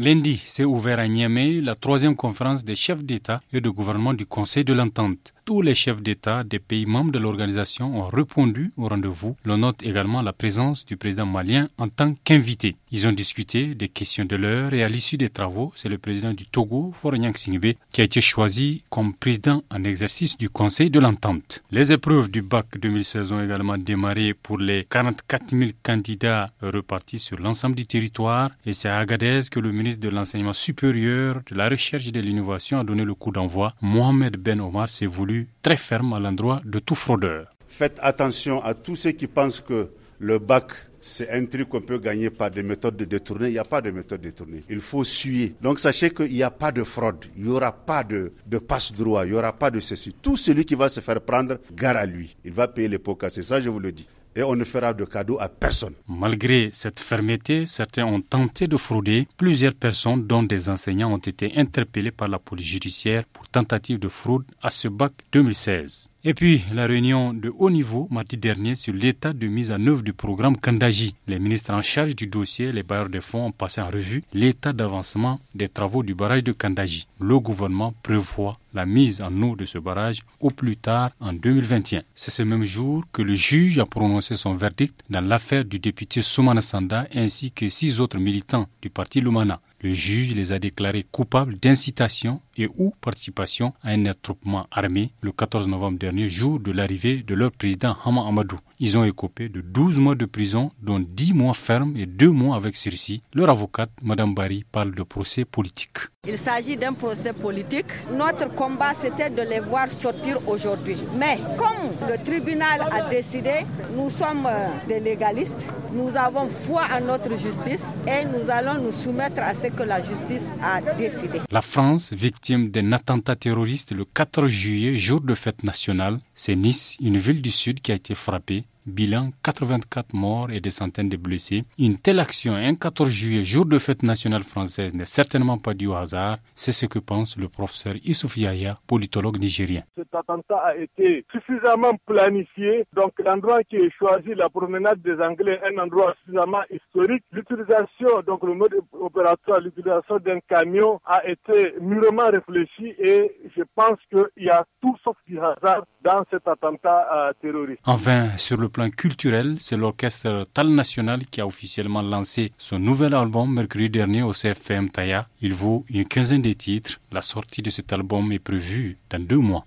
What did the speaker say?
Lundi s'est ouvert à Niamey la troisième conférence des chefs d'État et de gouvernement du Conseil de l'Entente tous les chefs d'État des pays membres de l'organisation ont répondu au rendez-vous. L'on note également la présence du président malien en tant qu'invité. Ils ont discuté des questions de l'heure et à l'issue des travaux, c'est le président du Togo, Fornyang Singbe, qui a été choisi comme président en exercice du Conseil de l'Entente. Les épreuves du bac 2016 ont également démarré pour les 44 000 candidats repartis sur l'ensemble du territoire et c'est à Agadez que le ministre de l'Enseignement supérieur, de la Recherche et de l'Innovation a donné le coup d'envoi. Mohamed Ben Omar s'est voulu très ferme à l'endroit de tout fraudeur. Faites attention à tous ceux qui pensent que le bac c'est un truc qu'on peut gagner par des méthodes de détournées. Il n'y a pas de méthode détournée. Il faut suer. Donc sachez qu'il n'y a pas de fraude. Il n'y aura pas de, passe-droit. Il n'y aura pas de ceci. Tout celui qui va se faire prendre, gare à lui. Il va payer les pots cassés. Ça, je vous le dis et on ne fera de cadeau à personne. Malgré cette fermeté, certains ont tenté de frauder. Plusieurs personnes, dont des enseignants, ont été interpellées par la police judiciaire pour tentative de fraude à ce bac 2016. Et puis, la réunion de haut niveau mardi dernier sur l'état de mise en œuvre du programme Kandaji. Les ministres en charge du dossier, les bailleurs de fonds ont passé en revue l'état d'avancement des travaux du barrage de Kandaji. Le gouvernement prévoit la mise en eau de ce barrage au plus tard en 2021. C'est ce même jour que le juge a prononcé son verdict dans l'affaire du député Soumana Sanda ainsi que six autres militants du parti Lumana. Le juge les a déclarés coupables d'incitation et ou participation à un attroupement armé le 14 novembre dernier, jour de l'arrivée de leur président Hama Amadou. Ils ont écopé de 12 mois de prison, dont 10 mois fermes et 2 mois avec sursis. Leur avocate, Mme Barry, parle de procès politique. Il s'agit d'un procès politique. Notre combat, c'était de les voir sortir aujourd'hui. Mais comme le tribunal a décidé, nous sommes euh, des légalistes. Nous avons foi en notre justice et nous allons nous soumettre à ce que la justice a décidé. La France, victime d'un attentat terroriste le 4 juillet, jour de fête nationale, c'est Nice, une ville du sud qui a été frappée. Bilan 84 morts et des centaines de blessés. Une telle action, un 14 juillet, jour de fête nationale française, n'est certainement pas due au hasard. C'est ce que pense le professeur Issouf Yaya, politologue nigérien. Cet attentat a été suffisamment planifié. Donc l'endroit qui est choisi, la promenade des Anglais, un endroit suffisamment historique. L'utilisation, donc le mode opératoire, l'utilisation d'un camion a été mûrement réfléchi et je pense qu'il y a tout sauf du hasard euh, enfin, sur le plan culturel, c'est l'orchestre Tal National qui a officiellement lancé son nouvel album mercredi dernier au CFM Taya. Il vaut une quinzaine de titres. La sortie de cet album est prévue dans deux mois.